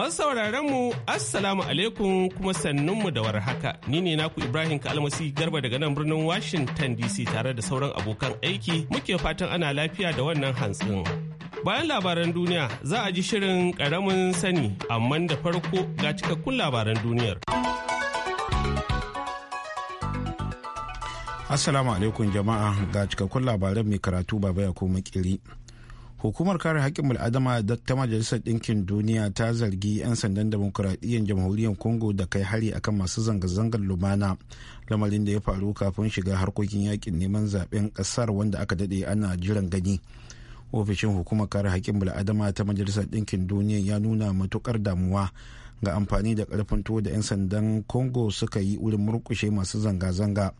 Masu sauraron mu Assalamu alaikum kuma sannunmu da warhaka. Ni ne naku Ibrahim Kalmasi Garba daga nan birnin Washington DC tare da sauran abokan aiki muke fatan ana lafiya da wannan hantsin. Bayan labaran duniya za a ji shirin karamin sani amma da farko ga cikakkun labaran duniyar. Assalamu alaikum jama'a ga cikakkun labaran mai karatu baba ya ko makiri. hukumar kare haƙƙin bil'adama ta majalisar ɗinkin duniya ta zargi 'yan sandan demokuraɗiyyar jamhuriyar congo da kai hari akan masu zanga-zangar lumana lamarin da ya faru kafin shiga harkokin yaƙin neman zaɓen ƙasar wanda aka daɗe ana jiran gani ofishin hukumar kare haƙƙin bil'adama ta majalisar ɗinkin duniya ya nuna matuƙar damuwa ga amfani da karfin tuwo da 'yan sandan congo suka yi wurin murkushe masu zanga-zanga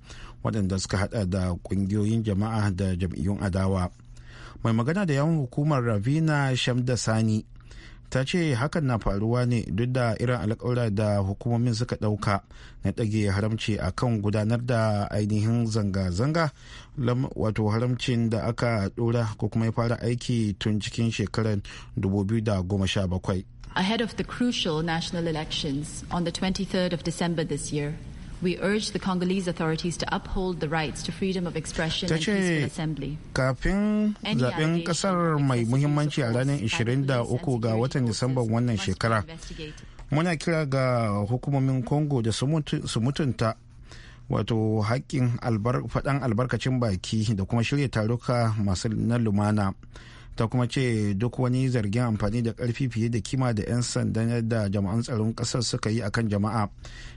waɗanda suka haɗa da ƙungiyoyin jama'a da jam'iyyun adawa mai magana da yawan hukumar ravina shamda sani ta ce hakan na faruwa ne duk da irin alkawura da hukumomin suka ɗauka na ɗage haramci a kan gudanar da ainihin zanga-zanga wato haramcin da aka ɗora ko kuma ya fara aiki tun cikin shekarar 2017 ahead of the crucial national elections on the 23rd of December this year. We urge the Congolese authorities to uphold the rights to freedom of expression and peaceful assembly. Kafin zaben kasar mai muhimmanci a ranar 23 ga watan Disamban wannan shekara, muna kira ga hukumomin Congo da su mutunta wato haƙƙin faɗan albarkacin baki da kuma shirya taruka masu na lumana. ta kuma ce duk wani zargin amfani da karfi fiye da kima da 'yan sandan da jama'an tsaron kasar suka yi akan jama'a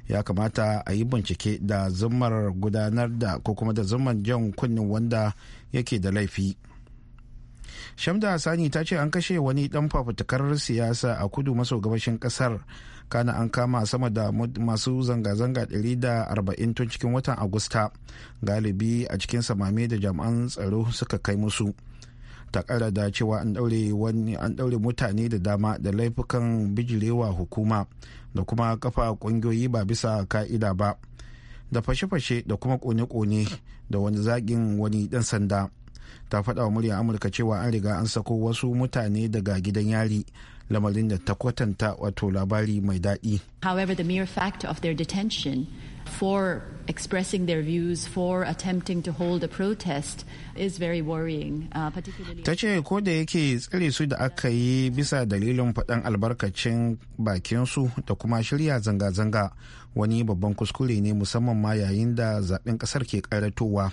ya kamata a yi bincike da zummar gudanar da ko kuma da zumar jan kunnen wanda yake da laifi shamda sani ta ce an kashe wani dan fafutukar siyasa a kudu maso gabashin kasar kana an kama sama da masu zanga-zanga 140 tun cikin watan agusta galibi a cikin samame da jami'an tsaro suka kai musu ta kara da cewa an daure wani an daure mutane da dama da laifukan bijirewa hukuma da kuma kafa kungiyoyi ba bisa ka'ida ba da fashe-fashe da kuma kone-kone da wani zagin wani dan sanda ta faɗa wa muryar amurka cewa an riga an sako wasu mutane daga gidan yari lamarin da ta kwatanta wato labari mai daɗi. however the mere fact of their detention for expressing their views for attempting to hold a protest is very worrying. Uh, Ta ce ko da yake tsare su da aka yi bisa dalilin faɗan albarkacin bakinsu da kuma shirya zanga-zanga wani babban kuskure ne musamman ma yayin da zaɓen ƙasar ke ƙaratowa.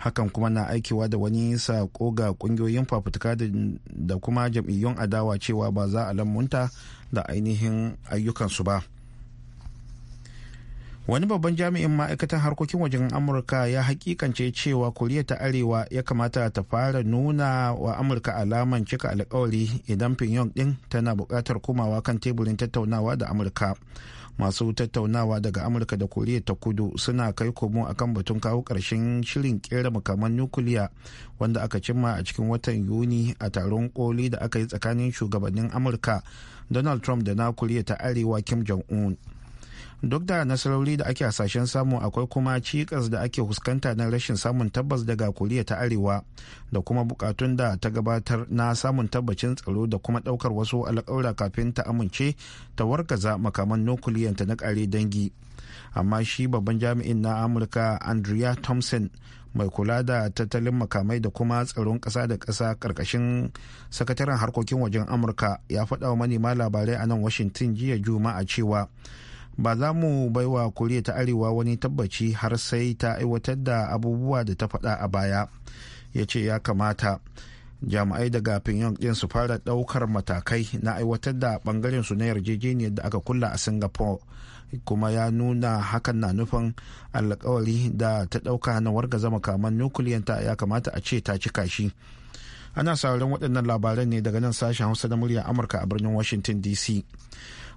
hakan kuma na aikewa da wani sako ga ƙungiyoyin fafutuka da kuma jam'iyyun adawa cewa ba za a lamunta da ainihin ayyukansu ba. wani babban jami'in ma'aikatan harkokin wajen amurka ya hakikance cewa koriya ta arewa ya kamata ta fara nuna wa amurka alaman cika alkawari idan pyongyang din tana buƙatar komawa kan teburin tattaunawa da amurka masu tattaunawa daga amurka da koriya ta kudu suna kai komo akan batun kawo ƙarshen shirin kera makaman nukiliya wanda aka cimma a cikin watan yuni a taron koli da aka yi tsakanin shugabannin amurka donald trump da na koriya ta arewa kim jong-un duk da nasarori da ake hasashen samu akwai kuma cikas da ake fuskanta na rashin samun tabbas daga koriya ta arewa da kuma bukatun da ta gabatar na samun tabbacin tsaro da kuma daukar wasu alkawura kafin ta amince ta wargaza makaman nukuliyanta na kare dangi amma shi babban jami'in na amurka andrea thompson mai kula da tattalin makamai da kuma tsaron kasa da kasa karkashin sakataren harkokin wajen amurka ya faɗa wa manema labarai a nan washington jiya juma'a cewa ba za mu baiwa koriya ta arewa wani tabbaci har sai ta aiwatar da abubuwa da ta faɗa a baya ya ce ya kamata jami'ai daga pinyon din su fara ɗaukar matakai na aiwatar da ɓangaren su na yarjejeniyar da aka kulla a singapore kuma ya nuna hakan na nufin alkawari da ta ɗauka na wargaza makaman nukuliyanta ya kamata a ce ta cika shi ana sauran waɗannan labaran ne daga nan sashen hausa na murya amurka a birnin washington dc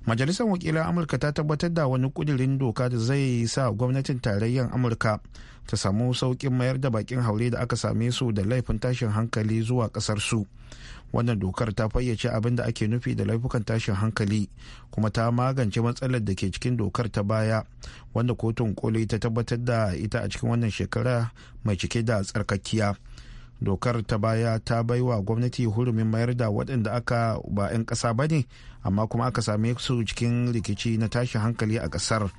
majalisar wakilan amurka ta tabbatar da wani kudirin doka da zai sa gwamnatin tarayyar amurka ta samu saukin mayar da bakin haure da aka same su da laifin tashin hankali zuwa kasar su wannan dokar ta fayyace abin da ake nufi da laifukan tashin hankali kuma ta magance matsalar da ke cikin dokar ta baya wanda kotun koli ta tabbatar da ita a cikin wannan shekara mai cike da tsarkakkiya dokar ta baya ta baiwa gwamnati hurumin mayar da waɗanda aka ba 'yan ƙasa ba ne amma kuma aka same su cikin rikici na tashi hankali a kasar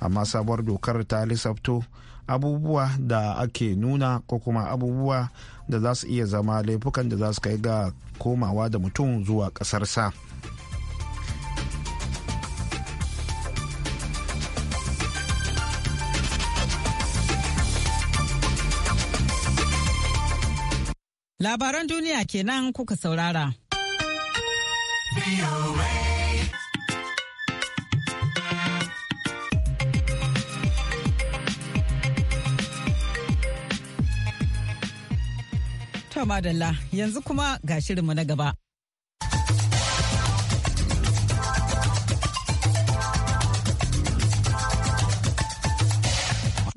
amma sabuwar dokar ta lissafto abubuwa da ake nuna ko kuma abubuwa da za su iya zama laifukan da za su kai ga komawa da mutum zuwa sa Labaran duniya kenan kuka saurara. Madalla yanzu kuma ga shirinmu na gaba.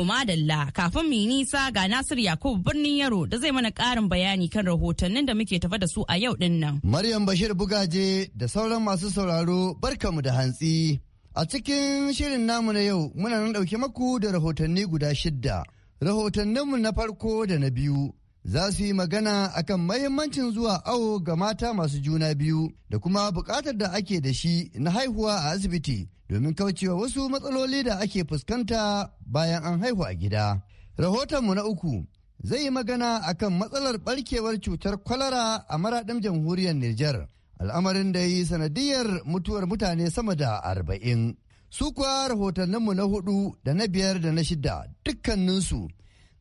To Dalla kafin mu yi nisa ga Nasir Yakubu birnin Yaro da zai mana ƙarin bayani kan rahotannin da muke tafa da su a yau din nan. Maryam Bashir Bugaje da sauran masu sauraro barkamu da hantsi. A cikin shirin namu na yau muna nan dauke maku da rahotanni guda shidda. Rahotanninmu na farko da na biyu za su yi magana akan mahimmancin zuwa awo ga mata masu juna biyu da kuma bukatar da ake da shi na haihuwa a asibiti domin kaucewa wasu matsaloli da ake fuskanta bayan an haihu a gida. Rahotonmu na uku zai yi magana akan matsalar barkewar cutar kwalara a maraɗin jamhuriyar Nijar, al'amarin da yi sanadiyar mutuwar mutane sama da arba'in. Su kuwa rahotanninmu na hudu da na biyar da na shida dukkaninsu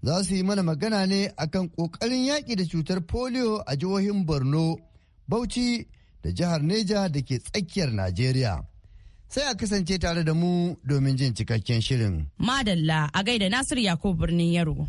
za su yi mana magana ne akan ƙoƙarin yaƙi da cutar polio a jihohin borno bauchi da jihar neja da ke tsakiyar najeriya sai a kasance tare da mu domin jin cikakken shirin madalla a gaida nasir yakubu birnin yaro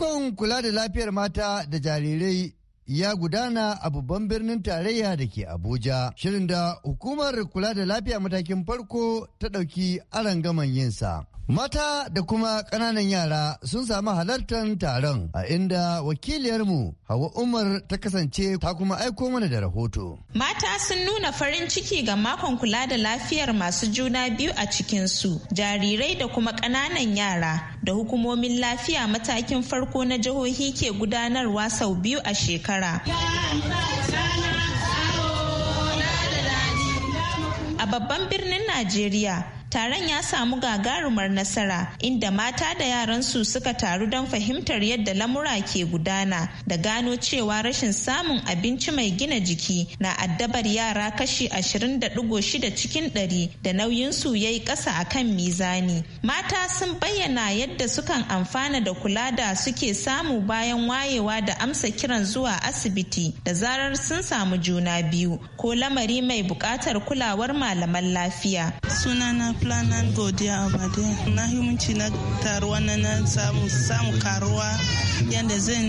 taimakon kula da lafiyar mata da jarirai ya gudana a babban birnin tarayya da ke Abuja, shirin da hukumar kula da lafiya matakin farko ta ɗauki arangaman yinsa. Mata da kuma ƙananan yara sun sami halartar taron a inda wakiliyar mu Hawa Umar ta kasance ta kuma aiko mana da rahoto. Mata sun nuna farin ciki ga makon kula da lafiyar masu juna biyu a cikinsu, jarirai da kuma ƙananan yara da hukumomin lafiya matakin farko na jihohi ke gudanarwa sau biyu a shekara. A babban birnin Najeriya. taron ya samu gagarumar nasara inda mata da yaran su suka taru don fahimtar yadda lamura ke gudana da gano cewa rashin samun abinci mai gina jiki na addabar yara kashi 20.6 cikin 100 da nauyin su yayi kasa akan mizani. Mata sun bayyana yadda sukan amfana da kula da suke samu bayan wayewa da amsa kiran zuwa asibiti da zarar sun samu juna biyu ko lamari mai buƙatar kulawar malaman lafiya. planan godiya abadiya na himunci na taruwa na na samu samu karuwa yadda zan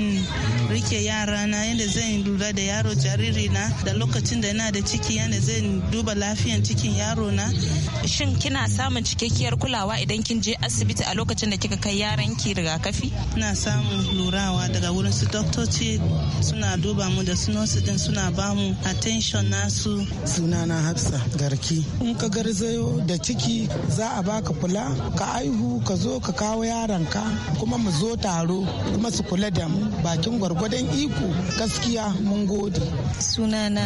rike yarana yadda zan lura da yaro jaririna da lokacin da yana da ciki yadda zan duba lafiyan cikin yaro na shin kina samun cikakkiyar kulawa idan kin je asibiti a lokacin da kika kai yaran ki rigakafi na samun lurawa daga wurin su doktoci suna duba mu da su din suna bamu attention nasu sunana hafsa garki in ka garzayo da ciki za a baka kula ka aihu ka zo ka kawo yaranka kuma mu zo taro kuma su kula da mu bakin gwargwadon iko gaskiya mun gode sunana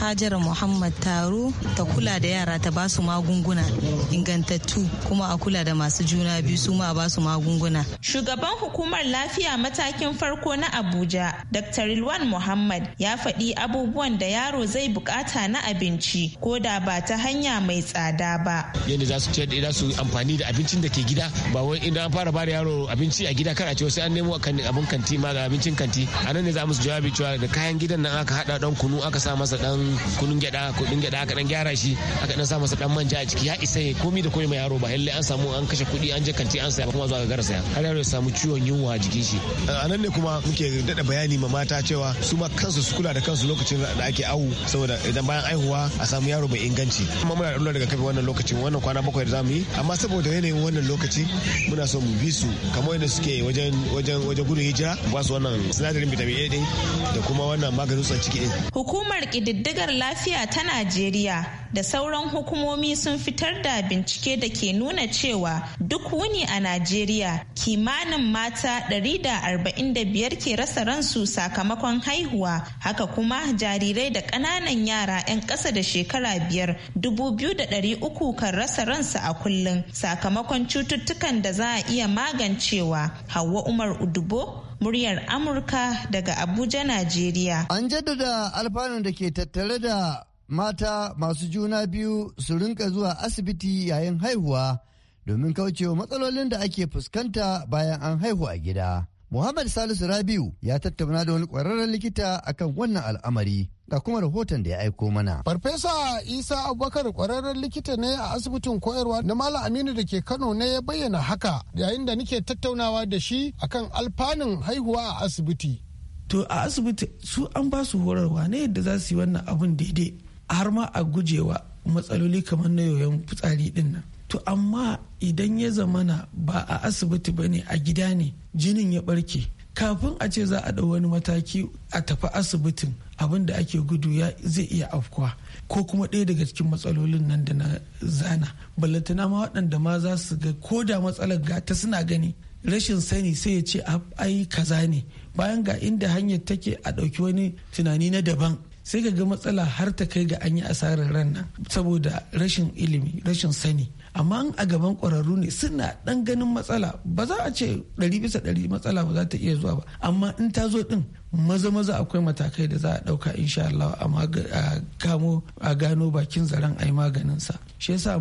hajara muhammad taro ta kula da yara ta basu magunguna ingantattu kuma a kula da masu juna biyu su ma basu magunguna shugaban hukumar lafiya matakin farko na abuja dr ilwan muhammad ya faɗi abubuwan da yaro zai bukata na abinci ko da ba ta hanya mai tsada ba za su ce da su amfani da abincin da ke gida ba wai idan an fara bada yaro abinci a gida kar a ce sai an nemo abin kanti ma ga abincin kanti a nan ne za mu su jawabi cewa da kayan gidan nan aka hada dan kunu aka sa masa dan kunun gyada kudin gyada aka dan gyara shi aka dan sa masa dan manja a ciki ya isa ya komi da komai ma yaro ba lalle an samu an kashe kuɗi an je kanti an saya kuma zuwa ga gara saya har yaro ya samu ciwon yunwa a jikin shi a nan ne kuma muke dada bayani ma mata cewa su ma kansu su kula da kansu lokacin da ake awu saboda idan bayan aihuwa a samu yaro bai inganci kuma muna da daga kafin wannan lokacin wannan kwana bakwai da za mu yi amma saboda yanayin wannan lokaci muna so mu bi su kamar yadda suke wajen wajen wajen gudun hijira ba su wannan sinadarin vitamin A din da kuma wannan maganin su ciki din hukumar kididdigar lafiya ta Najeriya da sauran hukumomi sun fitar da bincike da ke nuna cewa duk wuni a Najeriya kimanin mata 145 ke rasa ransu sakamakon haihuwa haka kuma jarirai da ƙananan yara 'yan ƙasa da shekara biyar 2,300 kan rasa ransa a kullum sakamakon cututtukan da za a iya magancewa hawa umar udubo muryar amurka daga abuja najeriya an jaddada alfanun da ke tattare da mata masu juna biyu su rinka zuwa asibiti yayin haihuwa domin kaucewa matsalolin da ake fuskanta bayan an haihu a gida Muhammad Salisu Rabiu ya tattauna da wani kwararren likita akan wannan al'amari ga kuma rahoton da ya aiko mana. Farfesa Isa Abubakar kwararren likita ne a asibitin koyarwa na Malam Aminu da ke Kano ne ya bayyana haka yayin da nike tattaunawa da shi akan alfanun haihuwa a asibiti. To a asibiti su an ba su horarwa ne yadda za su yi wannan abun daidai har ma a gujewa matsaloli kamar na yoyon fitsari din to amma idan ya zamana ba a asibiti ba ne a gida ne jinin ya barke kafin a ce za a ɗau wani mataki a tafi asibitin abin da ake gudu ya zai iya afkuwa ko kuma ɗaya daga cikin matsalolin nan da na zana ballatana ma waɗanda ma za su ga ko da matsalar gata suna gani rashin sani sai ya ce ai kaza ne bayan ga inda hanyar take a ɗauki wani tunani na daban sai ka ga matsala har ta kai ga an yi asarar ran nan saboda rashin ilimi rashin sani amma a gaban kwararru ne suna dan ganin matsala ba za a ce ɗari bisa ɗari matsala ba za ta iya zuwa ba amma in ta zo din maza maza akwai matakai da za a ɗauka insha Allah a kamo a gano bakin zaren a yi sa. shi yasa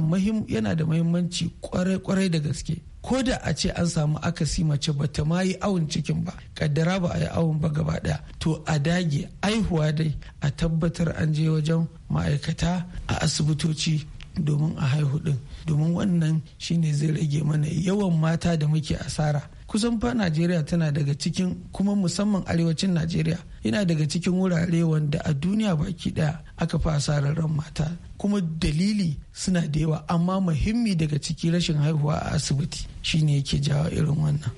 yana da mahimmanci kwarai kwarai da gaske ko da a ce an samu akasi mace ba ta ma yi awon cikin ba kaddara ba a yi awon ba gaba daya to a dage aihuwa dai a tabbatar an je wajen ma'aikata a asibitoci domin a haihu din domin wannan shine zai rage mana yawan mata da muke asara kusan fa najeriya tana daga cikin kuma musamman arewacin najeriya yana daga cikin wurare wanda a duniya baki daya aka fi asarar ran mata kuma dalili suna da yawa amma muhimmi daga ciki rashin haihuwa a asibiti shine yake jawo irin wannan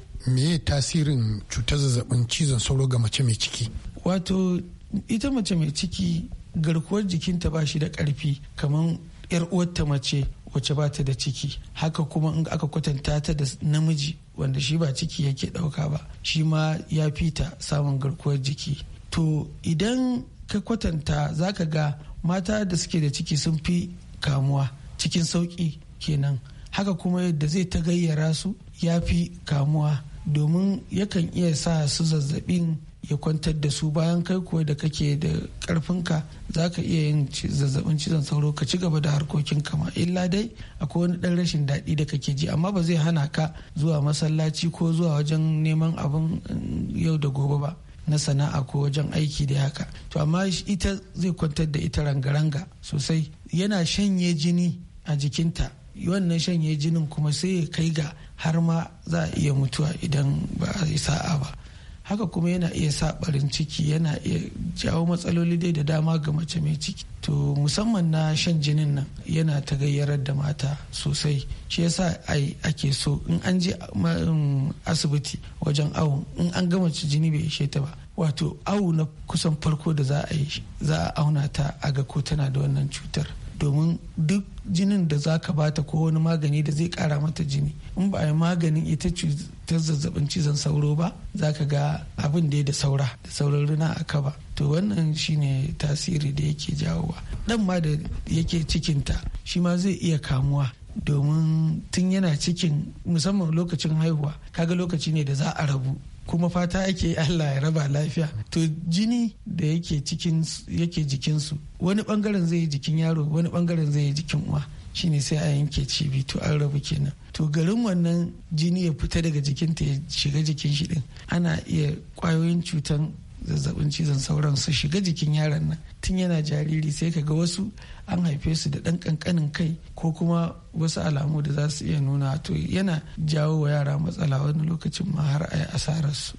ya tasirin cutar zazzabin cizon sauro ga mace mai ciki wato ita mace mai ciki garkuwar jikinta ba shi da karfi kamar 'yar uwarta mace wacce ba ta da ciki haka kuma in aka kwatanta ta da namiji wanda shi ba ciki yake ɗauka ba shi ma ya fita samun garkuwar jiki to idan ka kwatanta za ka ga mata da suke da ciki sun fi kamuwa cikin sauƙi kenan haka kuma yadda zai ta gayyara su ya fi kamuwa domin yakan iya sa su zazzabin ya kwantar da su bayan kai kuwa da kake da karfinka za ka iya yin zazzabin cizon sauro ka ci gaba da harkokin kama illa dai akwai wani ɗan rashin daɗi da kake ji amma ba zai hana ka zuwa masallaci ko zuwa wajen neman abin mm, yau da gobe ba na sana'a ko wajen aiki da haka to amma ita zai kwantar da ita rangaranga sosai yana shanye jini a jikinta wannan shanye jinin kuma sai ya kai ga har ma za a iya mutuwa idan ba a yi sa'a ba haka kuma yana iya sa barin ciki yana iya jawo matsaloli dai da dama ga mace mai ciki to musamman na shan jinin nan yana ta gayyarar da mata sosai shi yasa ai ake so in an je um, asibiti wajen awo in an gama jini bai ishe ta ba wato awo na kusan farko da za a yi za a auna ta a ga ko tana da wannan cutar domin duk jinin da za ka bata ko wani magani da zai kara mata jini in ba a yi maganin ita cutar zazzabin cizon sauro ba za ka ga abin da ya da saura da sauran rina a kaba to wannan shine tasiri da yake jawowa dan ma da yake cikinta shi ma zai iya kamuwa domin tun yana cikin musamman lokacin haihuwa kaga lokaci ne da za a rabu kuma fata ake Allah ya raba lafiya to jini da yake cikin yake jikinsu wani bangaren zai yi jikin yaro wani bangaren zai yi jikin uwa shine sai a yanke cibi to an rabu kenan to garin wannan jini ya fita daga jikinta ya shiga jikin shi din ana iya kwayoyin cutan zazzabin cizon sauran su shiga jikin yaron nan tun yana jariri sai ka ga wasu an haife su da ɗan ƙanƙanin kai ko kuma wasu alamu da za su iya nuna to yana jawo wa yara matsala wani lokacin ma har a yi asararsu.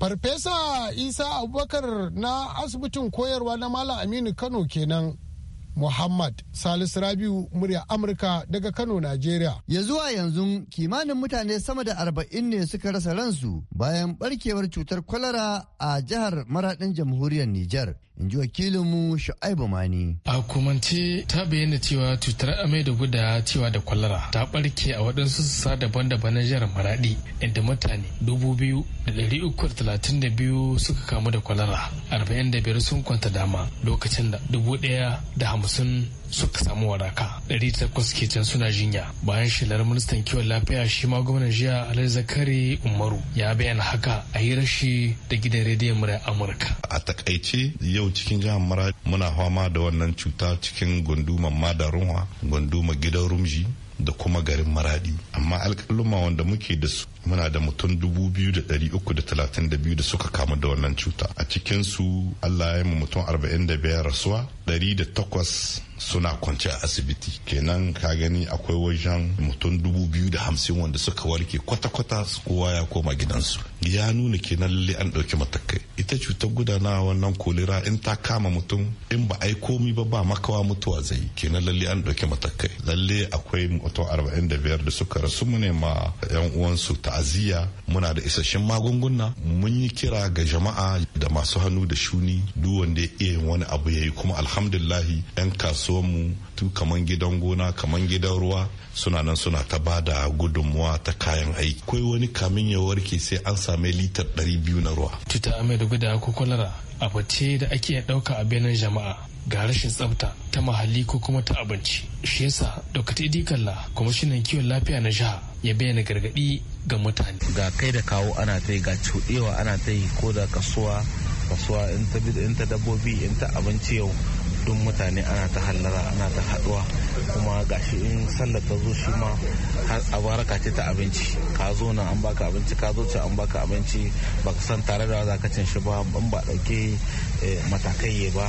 Farfesa Isa Abubakar na asibitin koyarwa na Malam Aminu Kano kenan Muhammad Salisu Rabiu murya Amurka daga Kano, Najeriya. Ya zuwa yanzu kimanin mutane sama da arba'in ne suka rasa ransu bayan barkewar cutar kwalara a jihar maradin jamhuriyar Nijar. in ji wakilinmu shu'aibu mani a ta bayyana cewa cutar amai da guda cewa da kwalara ta barke a waɗansu sassa daban-daban na jihar maradi inda mutane dubu biyu da ɗari uku da talatin da biyu suka kamu da kwalara arba'in da biyar sun kwanta dama lokacin da dubu ɗaya da hamsin suka samu waraka ɗari takwas ke can suna jinya bayan shelar ministan kiwon lafiya shi ma gwamnan jiya alhaji zakari umaru ya bayyana haka a yi rashi da gidan rediyon murai amurka a takaice yau cikin jihar mara muna fama da wannan cuta cikin gunduma madarunwa gunduma gidan rumji da kuma garin maradi amma alƙaluma wanda muke da su muna da mutum dubu biyu da dari uku da talatin da biyu da suka kamu da wannan cuta a cikinsu allah ya yi mutum arba'in da biyar rasuwa Dari da takwas suna kwance a asibiti kenan ka gani akwai wajen mutum dubu biyu da hamsin wanda suka warke kwata-kwata kowa ya koma gidansu ya nuna kenan lalle an ɗauki matakai ita cutar gudana wannan kolera in ta kama mutum in ba ai komi ba ba makawa mutuwa zai kenan lalle an ɗauki matakai lalle akwai mutum arba'in da biyar da suka rasu mu ne ma yan uwansu ta'aziyya muna da isasshen magunguna mun yi kira ga jama'a da masu hannu da shuni duk wanda ya iya wani abu ya yi kuma alhamdulillahi yan kasu kasuwanmu tu kaman gidan gona kaman gidan ruwa suna nan suna ta ba da gudunmuwa ta kayan aiki kai wani kamin ya warke sai an same litar ɗari biyu na ruwa cuta amai da gudawa ko kwalara abu ce da ake ɗauka a benin jama'a ga rashin tsafta ta mahalli ko kuma ta abinci shi yasa dokta idi kalla kwamishinan kiwon lafiya na jiha ya bayyana gargaɗi ga mutane ga kai da kawo ana ta ga cuɗewa ana ta ko da kasuwa kasuwa in ta dabbobi in ta abinci yau duk mutane ana ta hallara ana ta haduwa kuma gashi in sallar ta zo shi ma har abaraka ce ta abinci ka zo nan an baka abinci ka zo ce an baka abinci baka san tare da za ka cin shi ba ban ba dauke eh, matakai ya ba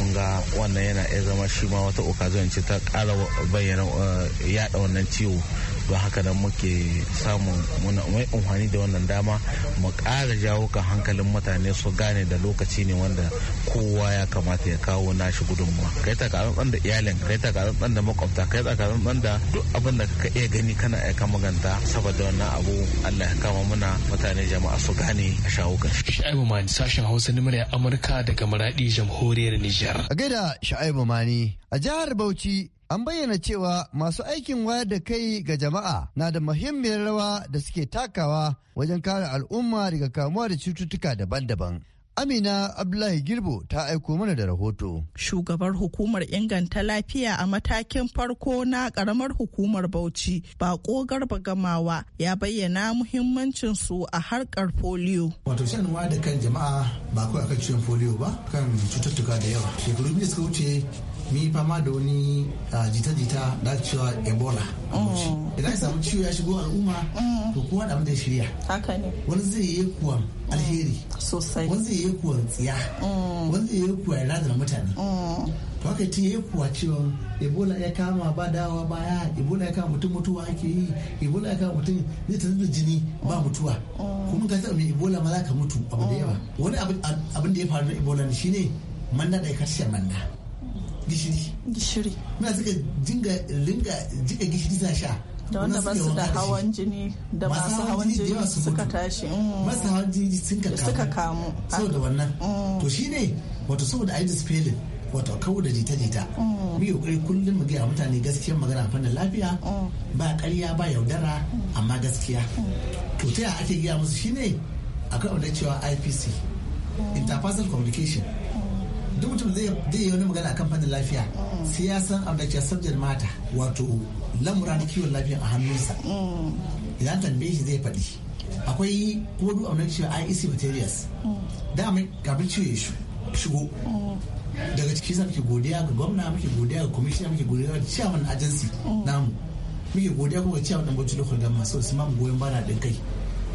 kun ga wannan yana iya zama shi ma wata okazion ce ta kara bayyana eh, yada wannan ciwo don haka nan muke samun muna mai amfani da wannan dama mu ƙara jawo kan hankalin mutane su gane da lokaci ne wanda kowa ya kamata ya kawo nashi gudunmuwa kai karan ɗan da iyalin kai karan da makwabta kai karan ɗan da duk abin da ka iya gani kana aika maganta saboda wannan abu Allah ya kama muna mutane jama'a su gane a shawo kan Sha'ibu Mani sashen Hausa ne murya Amurka daga Maradi jamhuriyar Nijar. A gaida Sha'ibu Mani a jihar Bauchi An bayyana cewa masu aikin wayar da kai ga jama'a na da muhimmiyar rawa da suke takawa wajen kare al'umma daga kamuwa da cututtuka daban-daban. Amina Abdullahi Girbo ta aiko mana da rahoto. Shugabar hukumar inganta lafiya a matakin farko na karamar hukumar Bauchi, ba Garba Gamawa ya bayyana muhimmancin su a harkar polio. Wato sanarwa da kan jama'a ba kawai akan ciwon polio ba kan cututtuka da yawa. Shekaru biyu suka wuce ni fama da wani ah, jita-jita da cewa ebola mm. idan samu ciwo ya shigo al'umma mm. to kowa da da shirya wani zai yi kuwan alheri mm. Sosai. wani zai yi kuwan tsiya wani zai yi kuwa ya da mutane to haka ta yi kuwa cewa ebola ya kama ba dawa ba ya ebola ya kama mutum mutuwa ake yi ebola ya kama mutum zai ta jini ba mutuwa kuma ka taɓa mai ebola ma za ka mutu abu da yawa wani abin da ya faru da ebola shine manna da ya karshe manna gishiri gishiri muna suka dinga ringa jika gishiri za sha da wanda ba su da hawan jini da masu hawan jini suka tashi mm. masu hawan jini sun suka kamu saboda wannan mm. to shine wato saboda ayi dispelin wato kawo da jita-jita mm. mu yi kokari kullum mu gaya mutane gaskiya magana fannin lafiya ba ƙarya ba yaudara amma gaskiya to ta ake gaya musu shi ne akwai wanda cewa ipc interpersonal communication duk mutum zai yi wani magana akan fannin lafiya sai ya san abu da ke sabjar mata wato lamura na kiwon lafiya a hannunsa idan tambaye shi zai faɗi akwai kuma duk abu na cewa IEC materials mai kafin ciwo ya shigo daga ciki sa muke godiya ga gwamna muke godiya ga kwamishina muke godiya ga ciyawan ajansi namu muke godiya kuma ga ciyaman dan bauchi local government so su mamu goyon bana din kai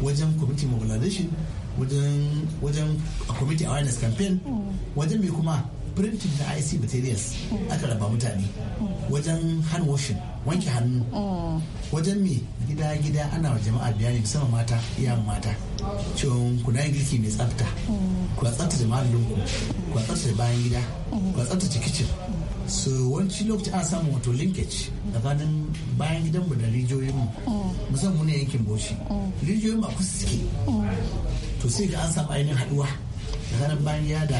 wajen committee mobilization wajen a committee awareness campaign mm. wajen mai kuma printing na IC materials mm. aka raba mutane wajen hand washing wanke hannu mm. wajen me gida gida ana wa jama'a bayani musamman mata iya mata cewa na yi girki mai tsafta kuna tsaftace mahallinku kuna da bayan gida kuna da kitchen so wanci lokaci an samu wato linkage tsakanin bayan gidanmu da rijiyoyinmu musamman ne yankin boshi rijiyoyinmu a kusa suke to sai ga an samu ainihin haɗuwa bayan ya da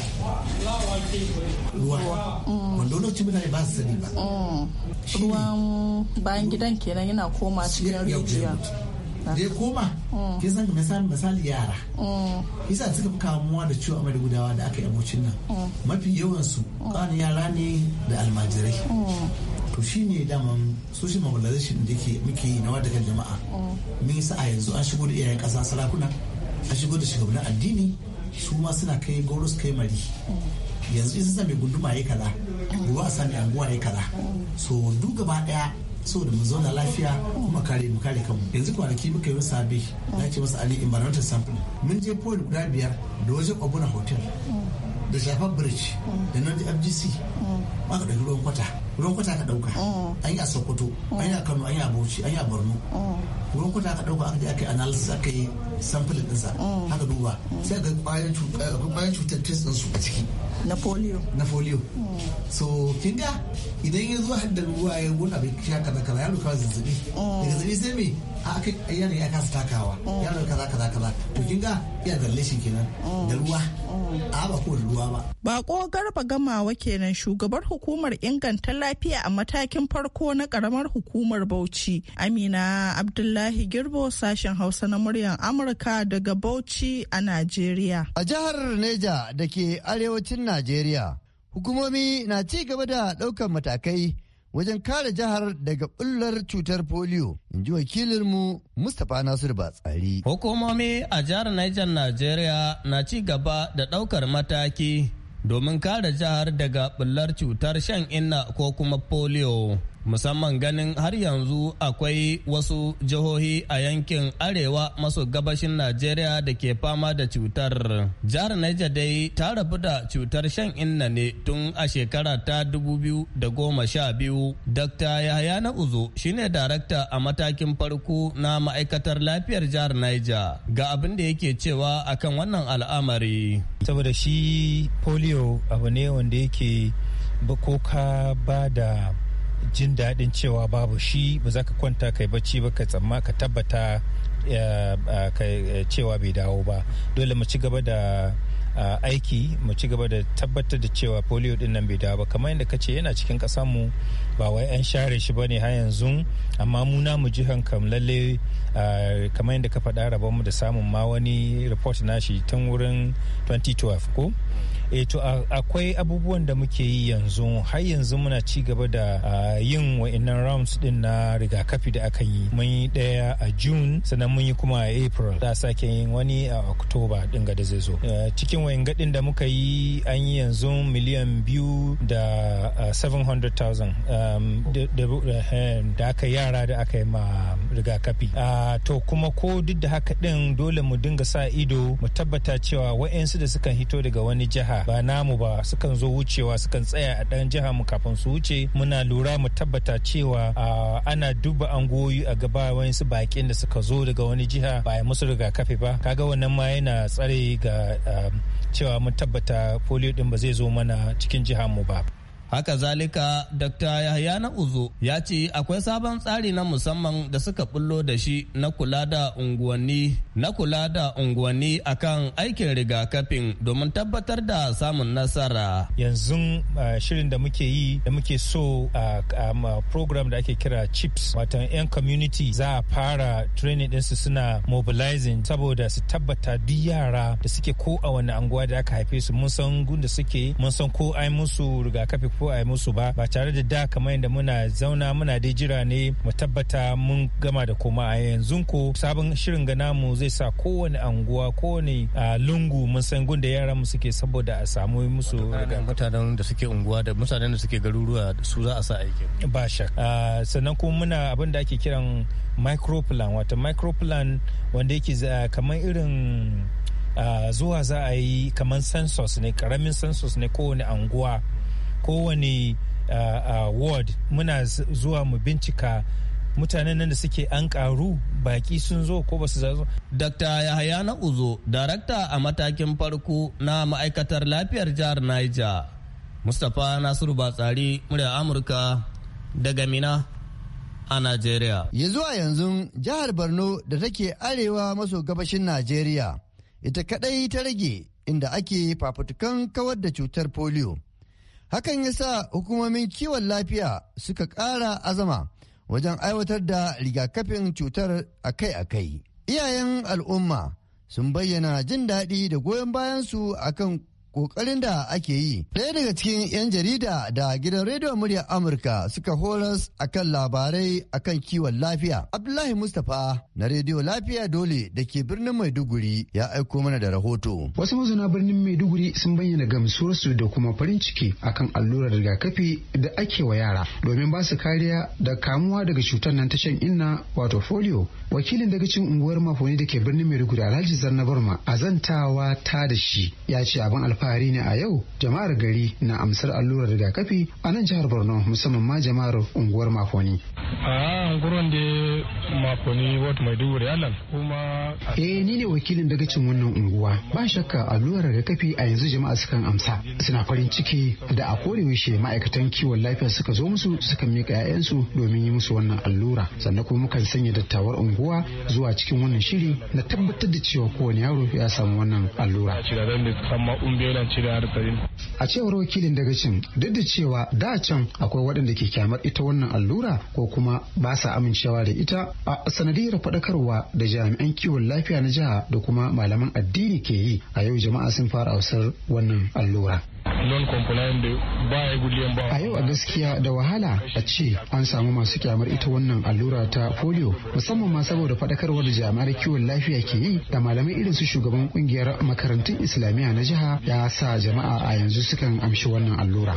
ruwa wanda lokacin mutane ba su sani ba ruwan bayan gidan kenan yana koma cikin rijiya da ya koma mm. ke san misali misali yara mm. isa suka fi kamuwa da ciwo amma da gudawa da aka yi abocin nan mm. mafi yawansu ƙanin yara ne da almajirai to shi ne daman social mobilization da muke yi na wadda kan jama'a mun yi sa'a yanzu an shigo da iyayen ƙasa sarakuna ta shigo da shugabannin addini su ma suna kai goro su kai mari yanzu isa sami gunduma ya kaza gobe a sami anguwa ya kaza so duk gaba daya saboda mu zauna lafiya kuma kare mu kare kanmu yanzu kwanaki muka yi sabe na ce masa ali environmental sampling mun je point guda biyar da wajen obuna hotel da shafar bridge da na fgc ba ka ɗauki ruwan kwata ruwan kwata ka ɗauka an yi a sokoto an yi a kano an yi a bauchi an yi a borno ruwan kwata ka ɗauka aka je aka yi analysis aka yi sample ɗinsa haka duba sai ga ƙwayar eh, cutar test ɗinsu a ciki na polio na polio so kin ga idan ya zo haddar ruwa ya gona bai sha kaza kaza yaro kawai zazzabi daga zazzabi sai me a aka yaro ya kasa takawa yaro kin ga ya zalle shi kenan oh. da ruwa oh. a ba ko da ruwa ba bako garba gamawa kenan shugabar hukumar inganta lafiya a matakin farko na karamar hukumar Bauchi Amina Abdullahi Girbo sashen Hausa na muryar Amurka daga Bauchi a Najeriya a jihar Neja da ke arewacin Najeriya hukumomi na ci gaba da ɗaukan matakai wajen kare jihar daga bullar cutar polio in ji wakilinmu mustapha nasir batsari hukumomi a jihar niger nigeria na ci gaba da daukar mataki domin kare jihar daga bullar cutar shan inna ko kuma polio musamman ganin har yanzu akwai wasu jihohi a yankin arewa maso gabashin najeriya da ke fama da cutar jihar niger dai ta rabu da cutar shan inna ne tun a shekara ta goma sha biyu. dr yahaya na uzo shine darakta a matakin farko na ma'aikatar lafiyar jihar niger ga abin da yake cewa akan wannan al'amari saboda shi polio abu ne wanda yake ko ka ba da jin daɗin cewa babu shi ba za ka kwanta kai bacci ba ka tsamma ka tabbata eh, cewa bai dawo ba dole mu ci gaba da aiki mu ci gaba da tabbatar da cewa polio din nan bai dawo ba kamar yadda ka ce yana cikin mu ba wai an share shi ba ne har yanzu amma mu na mu jihan kam lalle kamar yadda ka faɗa rabonmu da samun ma wani report nashi tun wurin 2012 ko eh to akwai abubuwan da muke yi yanzu har yanzu muna ci gaba da yin wa'annan rounds din na rigakafi da aka yi mun yi daya a june sannan mun yi kuma a april da sake yin wani a october din ga da zai zo eh, cikin wayan gadin da muka yi an yi yanzu miliyan biyu da 700,000 um, eh, da aka yara da aka yi ma rigakafi ah, to kuma ko duk da haka din dole mu dinga sa ido mu tabbata cewa wa'yansu da sukan hito daga wani jiha ba namu ba sukan zo wucewa sukan tsaya a ɗan jiha mu kafin su wuce muna lura mu tabbata cewa ah, ana duba angoyi a gaba wa'yansu baƙin da suka zo daga wani jiha ba a musu rigakafi ba kaga wannan ma yana tsare ga ah, cewa mun tabbata polio din ba zai zo mana cikin jiha mu ba. Haka zalika Dr. yahaya na Uzo ya ce akwai sabon tsari na musamman da suka bullo da shi na kula da unguwanni na kula da unguwanni akan aikin rigakafin domin tabbatar da samun nasara. Yanzu uh, shirin da muke yi da muke so uh, um, uh, program da ake kira chips watan 'yan community za a fara training su suna mobilizing saboda su tabbata duk yara da suke ko a wani anguwa da aka haife su mun san gun da suke mun san ko ai musu rigakafi ko a yi musu ba ba tare da da kamar yadda muna zauna muna dai jira ne mu tabbata mun gama da koma a yanzu ko sabon shirin ga namu zai sa kowane anguwa kowane lungu mun san gunda yaran mu suke saboda a samu musu mutanen da suke unguwa da mutanen da suke garuruwa su za a sa aikin ba shak sannan kuma muna abin da ake kiran microplan wato microplan wanda yake kamar irin zuwa za a yi kamar sensors ne karamin sensors ne kowane anguwa kowane ward muna zuwa mu bincika mutanen nan da suke an karu baki sun zo ko ba su zo. Dr. Yahaya na Uzo, darakta a matakin farko na ma'aikatar lafiyar jihar Niger. Mustapha Nasiru Batsari, murya Amurka daga Mina a Najeriya. Ya zuwa yanzu jihar Borno da take arewa maso gabashin Najeriya, ita kadai ta rage inda ake fafutukan kawar da cutar polio. hakan ya sa hukumomin kiwon lafiya suka ƙara azama wajen aiwatar da rigakafin cutar akai-akai iyayen al'umma sun bayyana jin daɗi da goyon bayansu akan kokarin da ake yi. Ɗaya daga cikin 'yan jarida da gidan rediyon murya Amurka suka horas kan labarai a kan kiwon lafiya. Abdullahi Mustapha na rediyo lafiya dole da ke birnin Maiduguri ya aiko mana da rahoto. Wasu mazauna birnin Maiduguri sun bayyana gamsuwarsu da kuma farin ciki akan allurar rigakafi da ake wa yara domin ba su kariya da kamuwa daga cutar nan ta shan inna wato folio. Wakilin daga cikin unguwar Mafoni da ke birnin Maiduguri Alhaji Zanna a azantawa ta da shi ya ce abin alfa fari ne a yau jama'ar gari na amsar allurar rigakafi a nan jihar borno musamman ma jama'ar unguwar mafoni a ah, unguwar da makoni kuma eh ni ne wakilin daga dagacin wannan unguwa ba shakka allurar rigakafi a yanzu jama'a sukan amsa suna farin ciki da a wishe ma'aikatan kiwon lafiya suka zo musu suka mika 'ya'yansu domin yi musu wannan allura sannan kuma mukan sanya dattawar unguwa zuwa cikin wannan shiri na tabbatar da cewa kowane yaro ya samu wannan allura a cewar wakilin daga dagacin duk da cewa da can akwai waɗanda ke kyamar ita wannan allura ko kuma ba sa amincewa da ita ta a sanadiyar faɗakarwa da jami'an kiwon lafiya na jiha da kuma malaman addini ke yi a yau jama'a sun fara wannan allura non compliant da a yau a gaskiya da wahala a ce an samu masu kyamar ita wannan allura ta polio musamman ma saboda faɗakarwar jami'ar kiwon lafiya ke yi da malamai irin su shugaban kungiyar makarantun islamiyya na jiha ya sa jama'a a yanzu sukan amshi wannan allura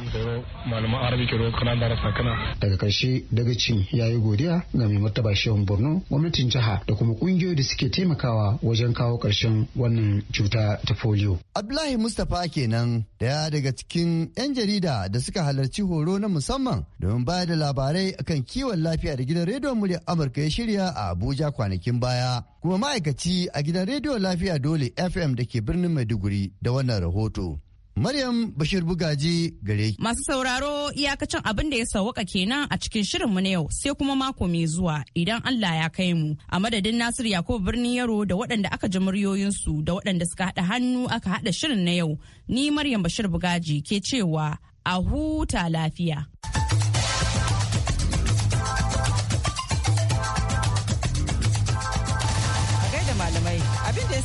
daga karshe dagacin ya yi godiya ga mai martaba shehun borno gwamnatin jiha da kuma kungiyoyi da suke taimakawa wajen kawo karshen wannan cuta ta polio abdullahi mustapha kenan da ya daga cikin 'yan jarida da suka halarci horo na musamman domin bayar da labarai kan kiwon lafiya da gidan rediyon muryar Amurka ya shirya a Abuja kwanakin baya. Kuma ma'aikaci a gidan rediyon lafiya dole FM da ke birnin Maiduguri da wannan rahoto. Maryam Bashir Bugaji gare Masu sauraro iyakacin abin da ya sauwaka kenan a cikin shirin mu na yau sai kuma mako mai zuwa idan Allah ya kai mu. A madadin Nasir Yakubu birnin Yaro da waɗanda aka ji muryoyinsu da waɗanda suka haɗa hannu aka haɗa shirin na yau. Ni Maryam Bashir Bugaji ke cewa a huta lafiya.